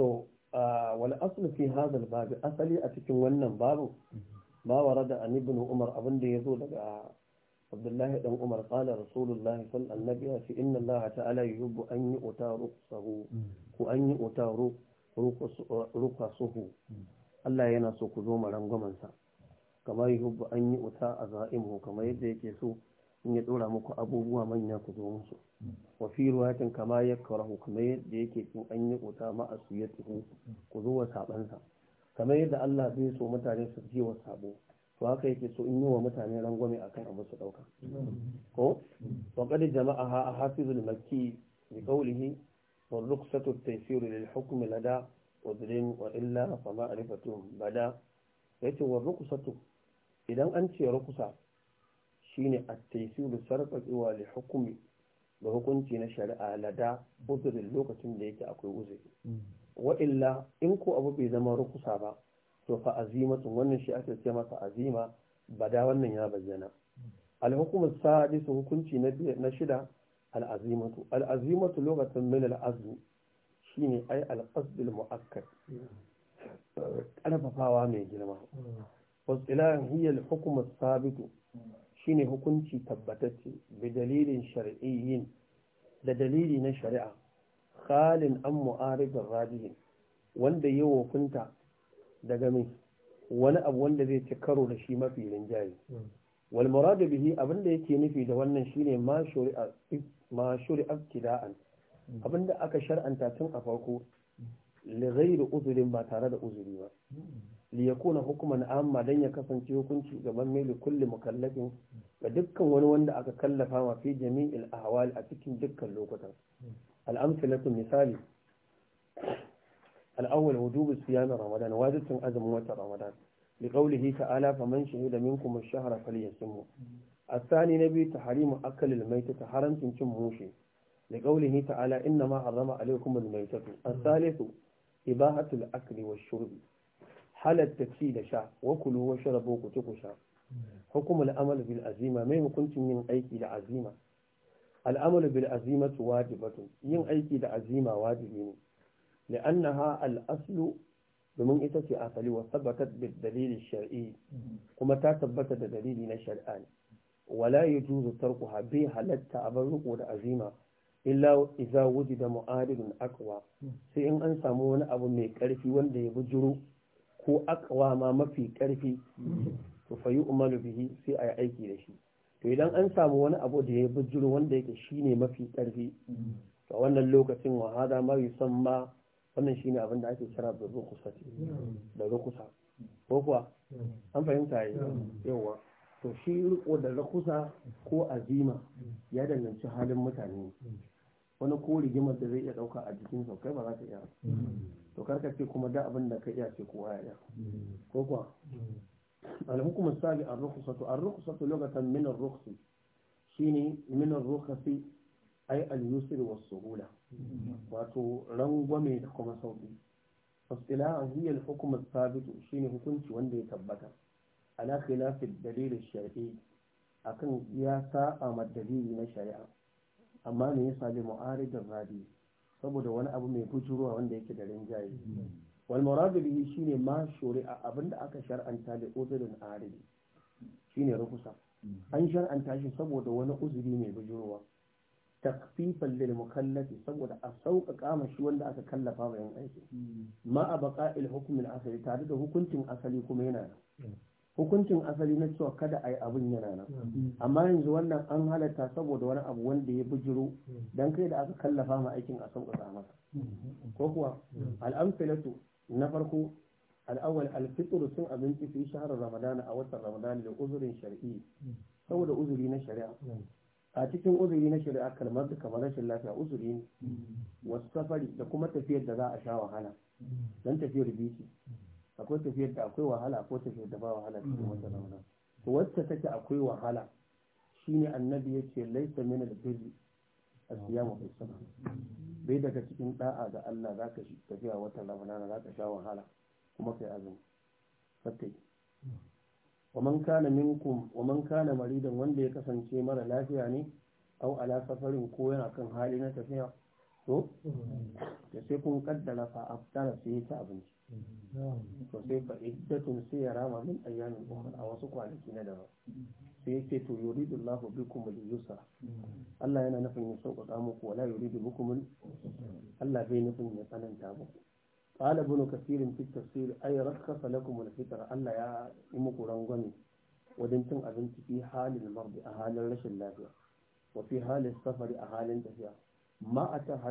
so uh, wal asali fi hadha al asali a cikin wannan babu ma warada an ibn umar abin da zo daga abdullahi dan umar qala rasulullahi sallallahu alaihi wasallam inna allaha ta'ala yuhibbu an yu'ta ruqsahu ku an yu'ta ruqsuhu Allah yana so ku zo marangwaman sa kamar hubu an a azaimuhu kamar yadda yake so in ya dora muku abubuwa manya ku zo musu wa ruwatin kama ya karahu kamar yadda yake cin an yi kuta ma ya tuhu ku zo wa sabansa kamar yadda Allah zai so mutane su ji wa sabo to haka yake so in yi wa mutane rangwame akan abu su dauka ko wa jama'a ha hafizul makki bi qawlihi wa ruksatu at-taysir lil hukm lada wa dhilin wa illa fa ma'rifatu bada yace wa ruksatu idan an ce rukusa shine at-taysir sarfaqiwa li hukmi da hukunci na shari'a lada buzurin lokacin da yake akwai uzuri mm. wa illa in ko abu bai zama rukusa ba to fa wannan shi ake ce masa azima bada wannan ya bayyana mm. al-hukum hukunci na shida al'azimatu. al'azimatu lokacin min al shi shine ai al muakkad karfafawa mm. mai girma wasu ilayen hiyar hukumar sabitu ne hukunci tabbatacce da dalilin shari'iyyin da dalili na shari'a khalin an mu'arifin rajihin wanda ya wakunta daga mai wani abu wanda zai ci karo da shi mafi rinjaye hmm. wal muradu bihi abinda yake nufi da wannan shine ma shuri'a ma shuri'a ibtida'an hmm. abinda aka shar'anta tun a farko li ghairi uzurin ba tare da uzuri ba hmm. liyakuna hukuman amma don ya kasance hukunci gaban mili kulli mukallafin ga dukkan wani wanda aka kallafa ma fi jami'il ahwal a cikin dukkan lokutan al'amsu misali al'awwal wujubu siyamin ramadan wajibin azumin wata ramadan bi qawlihi ta'ala fa man shahida minkum ash-shahra falyasum الثاني نبي تحريم أكل الميتة حرم تنشم موشي لقوله تعالى إنما حرم عليكم الميتة الثالث إباحة wa والشرب halatta ci da sha wa kulu wa sharabu ku ci ku sha hukum al'amal bil azima mai hukuncin yin aiki da azima al'amal bil azimatu wajibatun yin aiki da azima wajibi ne li'annaha al-aslu domin ita ce asali wa tabbatar dalilin dalili shar'i kuma ta tabbata da dalili na shari'a ne wala yajuzu tarkuha bi halatta abar riko da azima illa iza wujida mu'adilun aqwa sai in an samu wani abu mai karfi wanda ya bujuru ko akawa ma mafi karfi to fa umaru bihi sai a yi aiki da shi to idan an samu wani abu da ya bujiro wanda yake shine mafi karfi to wannan lokacin wa hada ma yusamma wannan shine abin da ake kira da rukusa da rukusa ko kuwa an fahimta yi yawa to shi riko da rukusa ko azima ya danganci halin mutane wani ko rigimar da zai iya dauka a jikin kai ba za ta iya to karka ce kuma da abin da ka iya ce ko ya mm. ko kuwa mm. alhukumar sabi a rukusatu a rukusatu lokacin minar rukusi shi ne minar rukusi ai al-yusri wa suhula mm. wato rangwame da kuma sauki. fasila a hiyar hukumar sabitu shi ne hukunci wanda ya tabbata ala khilafin dalilin shari'i akan ya sa'a madalili na shari'a amma me ya sabi da radiyu saboda wani abu mai bujuruwa wanda yake da rinjaye wal muradu bihi shine ma shuri'a abinda aka shar'anta da uzurin aridi shine rukusa an shar'anta shi saboda wani uzuri mai bujuruwa takfifan lil mukallafi saboda a sauƙaƙa ma shi wanda aka kallafa wa yin aiki ma a baqa'il hukmin asali tare da hukuncin asali kuma yana hukuncin asali na cewa kada a yi abin yana nan hmm. amma yanzu wannan an halatta saboda wani abu wanda ya bujiro hmm. don kai da aka kallafa ma aikin a sauƙaƙa masa hmm. ko kuwa al'amfilatu na farko al'awal alfitr sun abinci fi shahar ramadana a watan ramadana da uzurin shari'i saboda uzuri na shari'a a cikin uzuri na shari'a kalmar da kamar rashin lafiya uzuri ne wasu safari da kuma tafiyar da za a sha wahala don tafiyar bici akwai tafiyar da akwai wahala akwai tafiyar da ba wahala cikin wata rana to wacce take akwai wahala shine annabi yace laysa min al-birri asiyamu fi sana bai daga cikin da'a ga Allah zaka shi tafiya wata na zaka sha wahala kuma kai azumi man kana minkum wa man kana maridan wanda ya kasance mara lafiya ne au ala safarin ko yana kan hali na tafiya to da sai kun kaddara fa aftara sai ta abinci to sai fa iddatun siyara ma min ayyamin umar a wasu kwanaki na daban sai yake to yuridu Allahu bikum al-yusra Allah yana nufin ya sauƙaƙa muku wala yuridu bikum Allah bai nufin ya tsananta muku qala ibn kathir fi tafsir ay rakhasa lakum al-fitra Allah ya yi muku rangwani. wajen cin abinci fi halin mardi a halin rashin lafiya wa fi halin safari a halin tafiya ma a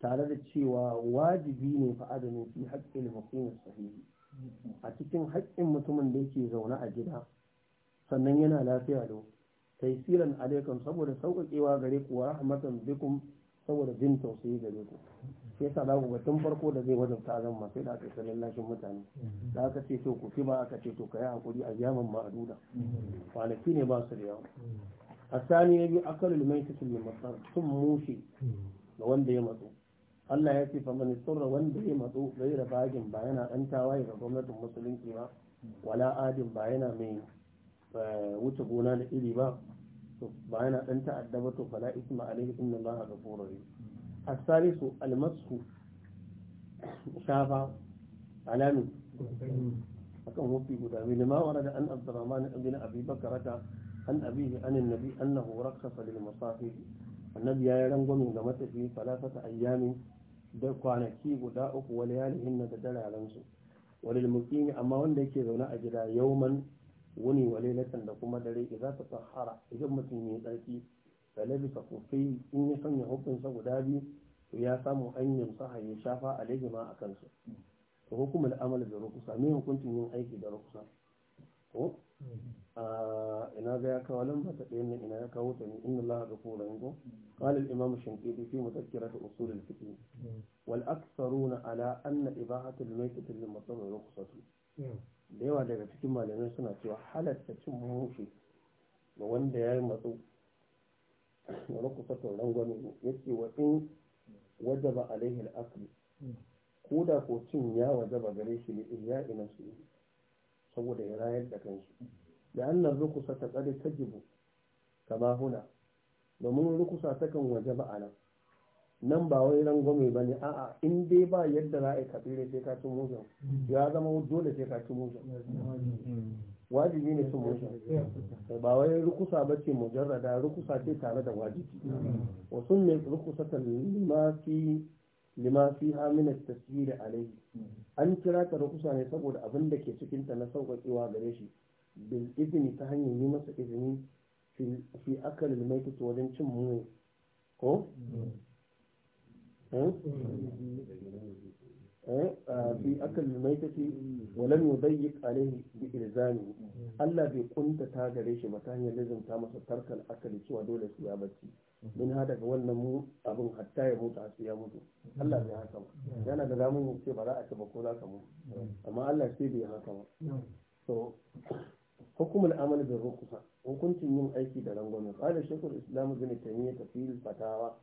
tare da cewa wajibi ne fa adamu fi haƙƙin mutum sahihi a cikin haƙƙin mutumin da yake zaune a gida sannan yana lafiya da taisiran alaikum saboda sauƙaƙewa gare ku wa rahmatan bikum saboda jin tausayi gare ku sai yasa za ku ga tun farko da zai wajen ta zama sai da aka yi lashin mutane da aka ce to ku fi ba aka ce to ka yi hakuri a yaman ma'aduda kwanaki ne ba su da yawa a sani ya biyu akalul mai titul mai masar sun mushe ga wanda ya matsu Allah ya ce fa man sirra wanda ya matsu gaira bagin ba yana dan tawaye ga gwamnatin musulunci ba wala adin ba yana mai eh, wuce gona da iri ba to ba yana dan ta'adda ba to fala isma alaihi inna allaha ghafurur rahim as-salisu al-masku shafa Alami. akan hufi guda biyu ma da an abdurrahman ibn abi bakrata an abihi an annabi annahu rakhasa lil masafir annabi ya yi rangwamin ga matafi falafata ayyamin da kwanaki guda uku wani yali na da ransu wani mukimi amma wanda yake zaune a gida yauman wuni wale da kuma dare idza ta tsahara idan mutum ya tsarki da labisa kufai in ya sanya hukunsa guda biyu to ya samu hanyar sa shafa a ma a kansu to hukumar amal da rukusa me hukuncin yin aiki da rukusa Ah, ina ga ya kawo lamba ta ɗaya ina ya kawo ta ne inna Allah ga kura yanzu قال الإمام الشنقيطي في مذكرة أصول الفقه والأكثرون على أن إباحة الميتة للمطلوب رخصة da yawa daga cikin malamai suna cewa halatta cin mushe ga wanda ya yi matsu da rukusatun rangwame ya ce wa in wajaba alaihi al'akli ko da ko cin ya wajaba gare shi ne iya ina su saboda ya rayar da kanshi da annan rukusa ta tsare ta jibu kama huna domin rukusa ta kan waje ba a nan nan ba wai rangwame ba ne a'a in dai ba yadda za a yi kabire sai ka ci mujan ya zama dole sai ka ci wajibi ne cin mujan ba wai rukusa ba ce mujarrada rukusa ce tare da wajibi wasu ne rukusa ta ma fi lima fi hamina tasiri alaihi an kira ta rukusa ne saboda abin da ke cikin ta na sauƙaƙewa gare shi bil izini ta hanyar yi masa izini fi akal maitatu wajen cin mu ko akal maitati wa walan yudayyiq alaihi bi ilzami Allah bai kunta ta gare shi mata hanyar ta masa tarkal akali cewa dole su ya bacci min ha daga wannan mu abin hatta ya mutu har ya mutu Allah bai haka ba yana da zamu ce ba za a ci ba ko za ka mutu amma Allah sai bai haka ba so hukumul amal bil rukhsa hukuncin yin aiki da rangwame qala shaykhul islam ibn taymiyyah tafsir fatawa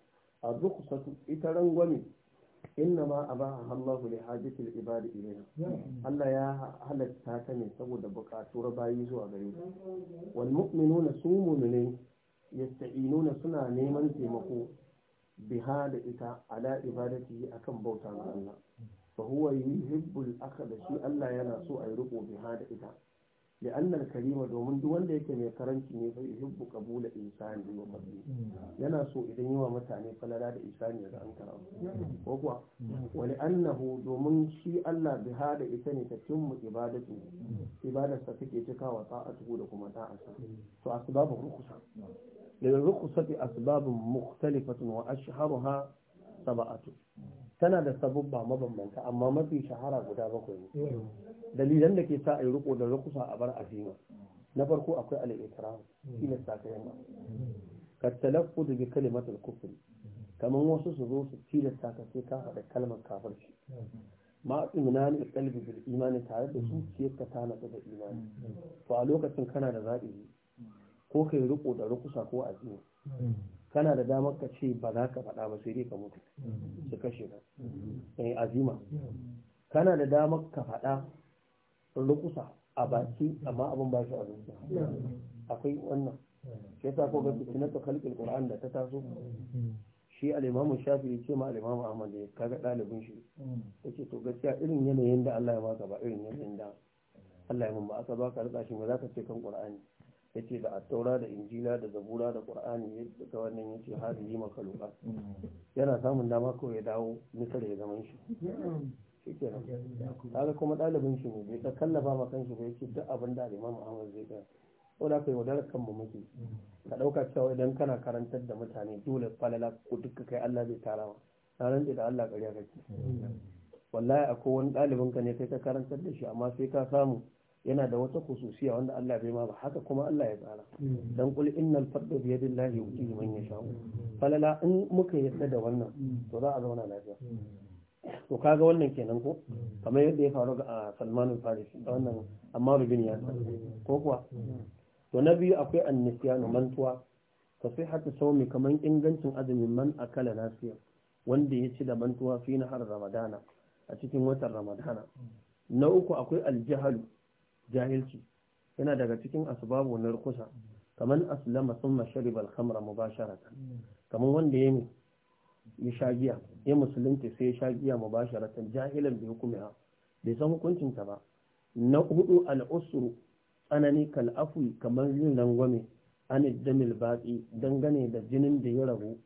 ar-rukhsatu ita rangwame inna ma a ba Allahu li hajatil ibadi ilayha Allah ya halatta ta ne saboda bukatuwar bayi zuwa gare ta wal mu'minuna su mu'minai yasta'inuna suna neman taimako biha da ita ala ibadati akan bauta ga Allah fa huwa yuhibbul akhd shi Allah yana so ayi riko biha da ita da karima domin duk wanda yake mai karanci ne bai hibbu kabula insani wa fadli yana so idan yi wa mutane falala da insani ya an karamu ko kuwa wani annahu domin shi Allah bi hada ita ne ta mu ibadatu ibadarsa take cikawa ta'atuhu da kuma ta'asa to asbabu rukusa daga rukusa bi asbabun mukhtalifatun wa ashharuha sab'atu tana da sabubba mabambanta amma mafi shahara guda bakwai ne mm. dalilan da ke sa a yi riko da rukusa a bar azima na farko akwai al'ikram mm. shine yamma mm. ka talaffu da kalimatul kufr kamar wasu su zo su tilasta ka sai ka faɗa kalmar kafirci ma imani qalbi bil imani tare da su zuciyar ka ta da imani to a lokacin kana da zaɓi ko kai riko da rukusa ko azima kana da damar ka ce ba za ka faɗa ba sai dai ka mutu su kashe ka eh azima kana da damar ka faɗa rukusa a baki amma abin ba shi a zuciya akwai wannan sai ta ko ga fitinar ta kalkin qur'an da ta taso shi al-imamu shafi ya ce ma al-imamu ahmad ya kaga ɗalibin shi yace to gaskiya irin yanayin da Allah ya maka ba irin yanayin da Allah ya mun ba aka ba rika shi ba za ka ce kan qur'ani yace da attaura da injila da zabura da qur'ani ya duka wannan yace maka makhluqat yana samun dama ko ya dawo misar ya zaman shi shikenan kaga kuma ɗalibin shi ne bai ka kallafa ma kanshi ba yace duk abin da Imam muhammad zai ga ko da kai kan mu muke ka dauka cewa idan kana karantar da mutane dole falala ko duka kai Allah zai tara ma ran da Allah ƙarya kake wallahi akwai wani ɗalibin ka ne kai ka karantar da shi amma sai ka samu yana da wata kususiya wanda Allah bai ma ba haka kuma Allah ya tsara dan kul innal fadlu bi yadillahi yuti man yasha falala in muka yarda da wannan to za a zauna lafiya to kaga wannan kenan ko kamar yadda ya faru ga Salman al da wannan amma bin ya ko kuwa to na biyu akwai annisiyanu mantuwa fasihatu sawmi kaman ingancin azumin man akala nasiya wanda ya ci da mantuwa fi nahar ramadana a cikin watan ramadana na uku akwai aljihalu jahilci yana daga cikin asbabu na rukusa kaman aslama thumma shariba al-khamra mubasharatan kamar wanda yayi ya sha giya ya musulunta sai ya sha giya mubasharatan jahilan bi hukumiha bai san hukuncin ta ba na hudu al-usru tsanani kal afwi kamar yin langwame an damil baqi dangane da jinin da ya rabu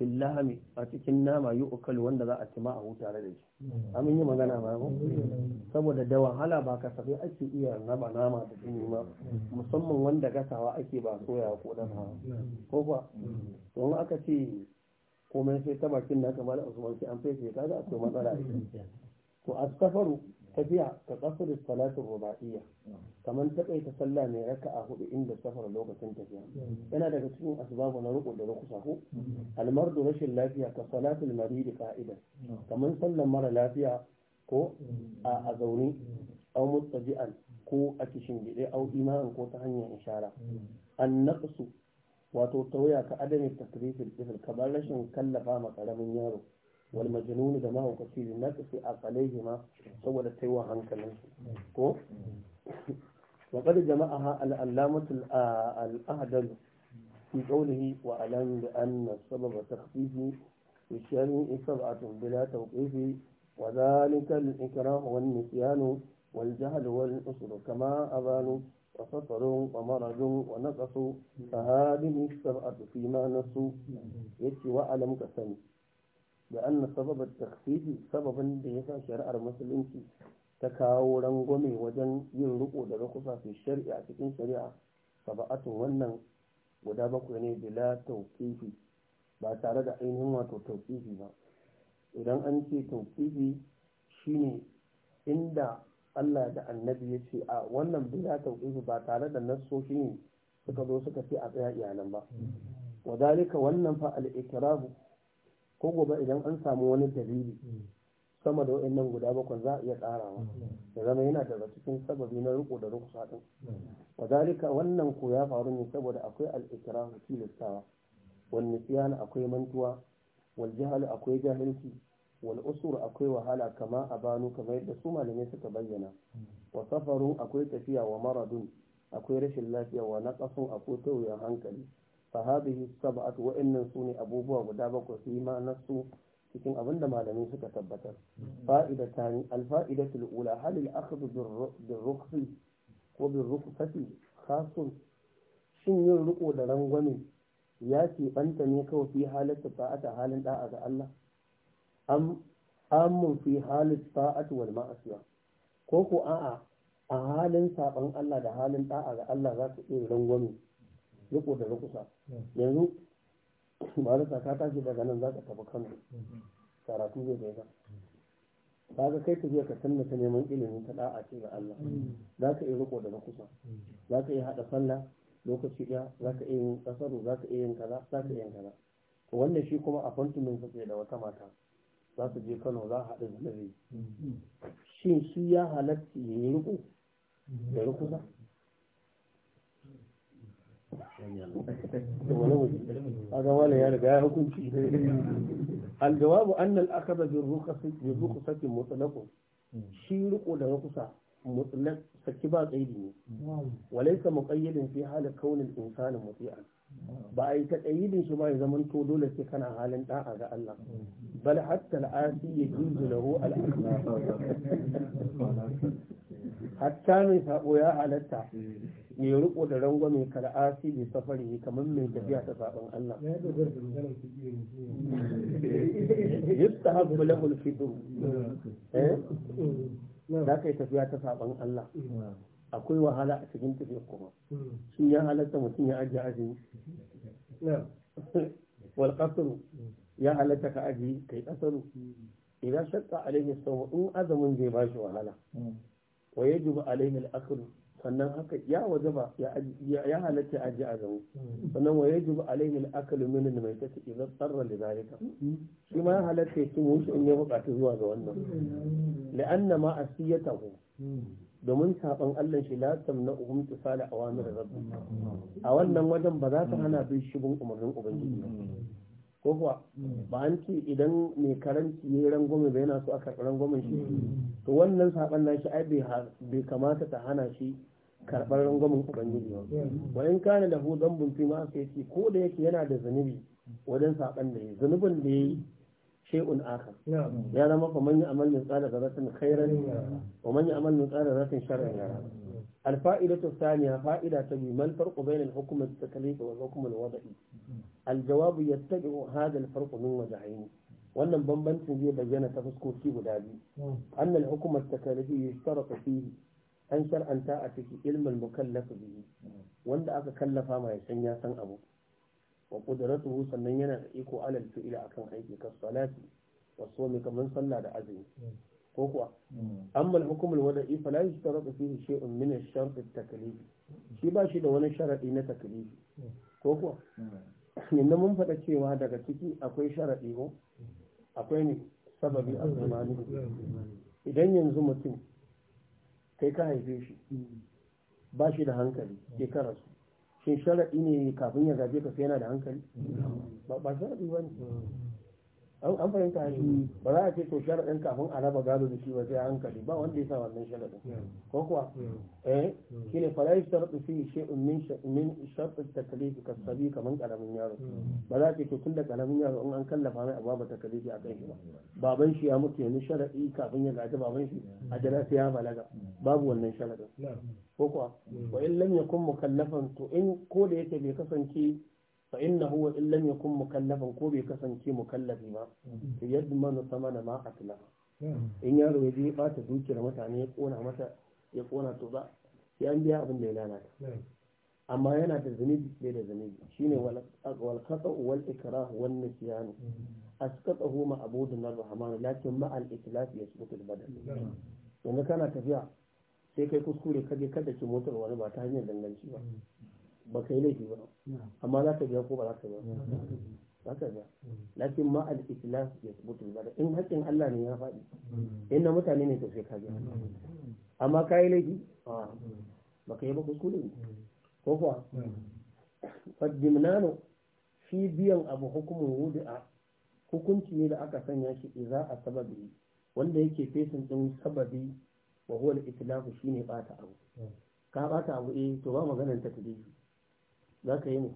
fillahami a cikin nama yi ukal wanda za a ci ma a huta da shi amin yi magana ba mu saboda da wahala ba kasafai ake iya raba nama da jini ma musamman wanda gasawa ake ba soya ko da ba ko ba to aka ce komai sai ta bakin na kamar usman sai an fesa kaga akwai matsala to askafaru tafiya ka kasar salatin ruba'iyya kamar takaita sallah mai raka a hudu inda safar lokacin tafiya yana daga cikin asbabu na ruku da rukusa ko almardu rashin lafiya ka salatul maridi ka'ida kamar sallan mara lafiya ko a zaune aw mustaji'an ko a kishin gide au imanin ko ta hanyar ishara an naqsu wato tauya ka adami takrifil ifil kamar rashin kallafa ma karamin yaro wal majnun da ma hukaci da naqsi aqalaihi ma saboda taiwa hankalin su ko wa qad jama'aha al-allamatu al-ahdal fi qawlihi wa alam bi anna sababa takhfifi الشريع سبعة بلا توقيف وذلك الإكراه والنسيان والجهل والأسر كما أبان وسفر ومرض ونقص فهذه السبعة فيما نسوا يتي وألم كسني da anna sababar takfifi sababin da ya sa shari'ar musulunci ta kawo rangwame wajen yin riƙo daga rukusa fi shari'a cikin shari'a saba'atun wannan guda bakwai ne bila tauƙifi ba tare da ainihin wato tauƙifi ba idan an ce shi shine inda Allah da annabi ya ce a wannan bila tauƙifi ba tare da nassoshi ne suka zo suka ce a tsaya iyalan ba wadalika wannan fa al-ikrahu ko gobe idan an samu wani dalili hmm. sama da wa'annan guda bakwai za a iya tsarawa hmm. ya zama yana daga cikin sababi na riko da rukusa din hmm. wadalika wannan ko ya faru ne saboda akwai al'ikirahu tilastawa wani nisyan akwai mantuwa wal jahal akwai jahilci wal usur akwai wahala kama a banu kamar yadda su malamai suka bayyana wa safaru akwai tafiya wa maradun akwai rashin lafiya wa naqasun akwai tauyen hankali فهذه السبعة وإن سوني أبوبوا ودابك فيما نسوا cikin abinda da malamai suka tabbatar fa'ida ta ne alfa'ida tul'ula halil akhdu birrukhsi ko birrukhsati khasun shin yin riko da rangwami ya ce banta ne kawai fi halatta fa'ata halin da'a ga Allah am amun fi halit fa'at wal ma'asiya ko ko a'a a halin saɓan Allah da halin da'a ga Allah za su iya riko da rukusa hmm. yanzu marasa ka tashi daga nan za ka tafi kano karatu zai bai ba ka hmm. kai tafiya ka sanna ta neman ilimin ta da'a ce ga Allah hmm. za ka iya riko da rukusa za ka yi hada sallah lokaci ɗaya za ka iya yin za ka iya yin kaza za ka yi kaza wanda shi kuma a fantumin sa da wata mata za su je kano za a haɗa zanare shi shi ya halatta ya yi riko da rukusa kaga wala ya riga ya hukunci aljawabu annal akaba bi rukhsati bi rukhsati mutlaqun shi riko da rukhsa mutlaq saki ba tsaidi ne walaysa muqayyadin fi kaunin kauni al-insani muti'an ba ai ta tsaidin shi ba ya zaman dole sai kana halin da'a ga Allah bal hatta al-asi yajuzu lahu al-akbar mai sabo ya halarta. ya riko da rangwame kar bi safari kamar mai tafiya ta sabon Allah yadda haɓu lahul fitu eh? eh za ka yi tafiya ta sabon Allah akwai wahala a cikin tafiya kuma Shin ya halatta mutum ya ajiye azumi wal qasru ya halatta ka ajiye kai qasru idan shakka alaihi sawa in azumin zai bashi wahala hmm. wa yajibu alaihi al sannan haka ya wajaba ya halatta aji a zama sannan wa yajibu alaihi al-aklu mai al-maytati idza sarra li zalika shi ma ya halatta ya mu shi in ya bukata zuwa ga wannan la'anna ma asiyatahu domin saban Allah shi la tamna'uhum tisala awamir rabbi a wannan wajen ba za ta hana bin shibin umarnin ubangiji ba. ko kuwa ba an ce idan mai karanci ya rangwame bai yana so a karɓi rangwamen shi to wannan saɓan na shi ai bai kamata ta hana shi karɓar rangwamen ubangiji ba wa in kana da hu dan bunfi ma aka yi ko da yake yana da zunubi wajen saɓan da ya zunubin da ya yi shay'un aka ya zama fa man ya'mal min qala dharratin khairan wa man ya'mal min qala dharratin sharran yara al fa'idatu thaniya fa'ida ta biyu man farko bayna al hukm al taklif wa al aljawabu yattabi'u hadha alfarq min wajhayn wannan bambancin zai bayyana ta fuskoki guda biyu anna al-hukm at-takalifi yushtaratu fihi an shar'anta a ciki ilmin mukallaf biyu. wanda aka kallafa ma ya san ya san abu wa qudratuhu sannan yana da iko alal fi'li akan aiki ka salati wa sawmi kaman sallah da azumi ko kuwa amma al-hukm al-wada'i fala yushtaratu fihi shay'un min ash taklifi shi ba shi da wani sharaɗi na taklifi ko kuwa yanzu mun faɗa cewa daga ciki akwai sharaɗi ko akwai ne sababi a zamani idan yanzu mutum kai ka haife shi ba shi da hankali ke karasu shin sharaɗi ne kafin ya gaje ka sai yana da hankali ba sharaɗi ba ne an fahimta ne hmm. ba za a ce to sharaɗin kafin a raba gado da shi ba sai hankali ba wanda ya sa wannan sharaɗin hmm. ko kuwa hmm. eh shi ne fara yi sharaɗi fi shi min sharaɗin takalifi sabi kamar ƙaramin yaro ba za a ce to tun da ƙaramin yaro in an kallafa mai a babu takalifi a kan shi ba baban shi ya mutu yanzu sharaɗi kafin ya gaji baban shi a jira sai ya balaga babu wannan sharaɗin ko kuwa wa in lam yakun mukallafan to in ko da yake bai kasance fa inna huwa in lam yakun mukallafan ko bai kasance mukallafi ba to mm. yadmanu samana ma atlafa mm. in yaro ya bata dukiyar mutane ya kona mata ya kona to ba sai an biya abin da ya lalata amma yana da zunubi bai da zunubi shine wal qata wal ikrah wal nisyan mm. asqatahu ma abudun rahman lakin ma al itlaf yasbutu al badal yanzu kana tafiya sai kai kuskure kaje kada ki motar wani ba ta hanyar danganci ba ba ka yi laifi ba amma za ka biya ko ba za ka biya za ka biya lakin ma al-islam ya sabutu ba in haƙƙin Allah ne ya faɗi in na mutane ne to sai ka biya amma ka yi laifi ba ka yi ba kuskure ne ko kuwa nano shi biyan abu hukumin wudu'a hukunci ne da aka sanya shi iza a sababi wanda yake fesin ɗin sababi wa huwa al-itlaq shine bata abu ka bata abu eh to ba maganar ta tadiji za ka yi ne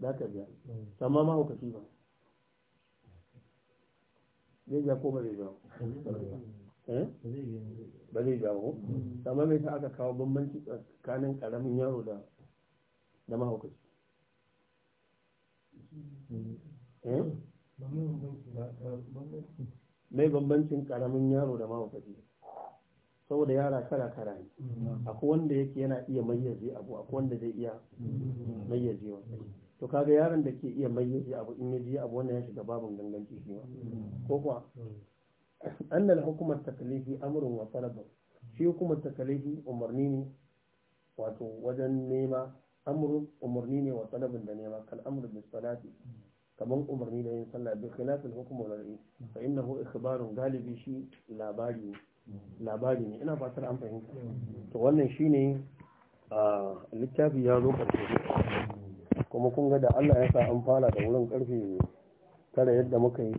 za ka biya amma mahaukaci ba zai biya ko ba zai biya eh? ba zai biya ko amma mai sa aka kawo bambanci tsakanin karamin yaro da da mahaukaci eh? mai bambancin karamin yaro da mahaukaci saboda yara kala kala ne mm. akwai wanda yake yana iya mayyaje abu akwai wanda zai iya mm. wa to kaga yaron da ke iya mayyaje abu in ya je abu wanda ya shiga babin ganganci shi ma mm. ko kuwa annal hukumar takalifi amrun wa talabun shi hukumar takalifi umarni ne wato wajen nema amrun umarni ne wa talabin da nema kal amru bis salati kamar umarni da yin sallah bi khilafil hukm wal ra'i fa innahu ikhbarun galibi shi labari ne labari ne ina fatar an fahimta to wannan shine a littafi ya zo karfe kuma kun ga da Allah ya sa an fara da wurin karfe tara yadda muka yi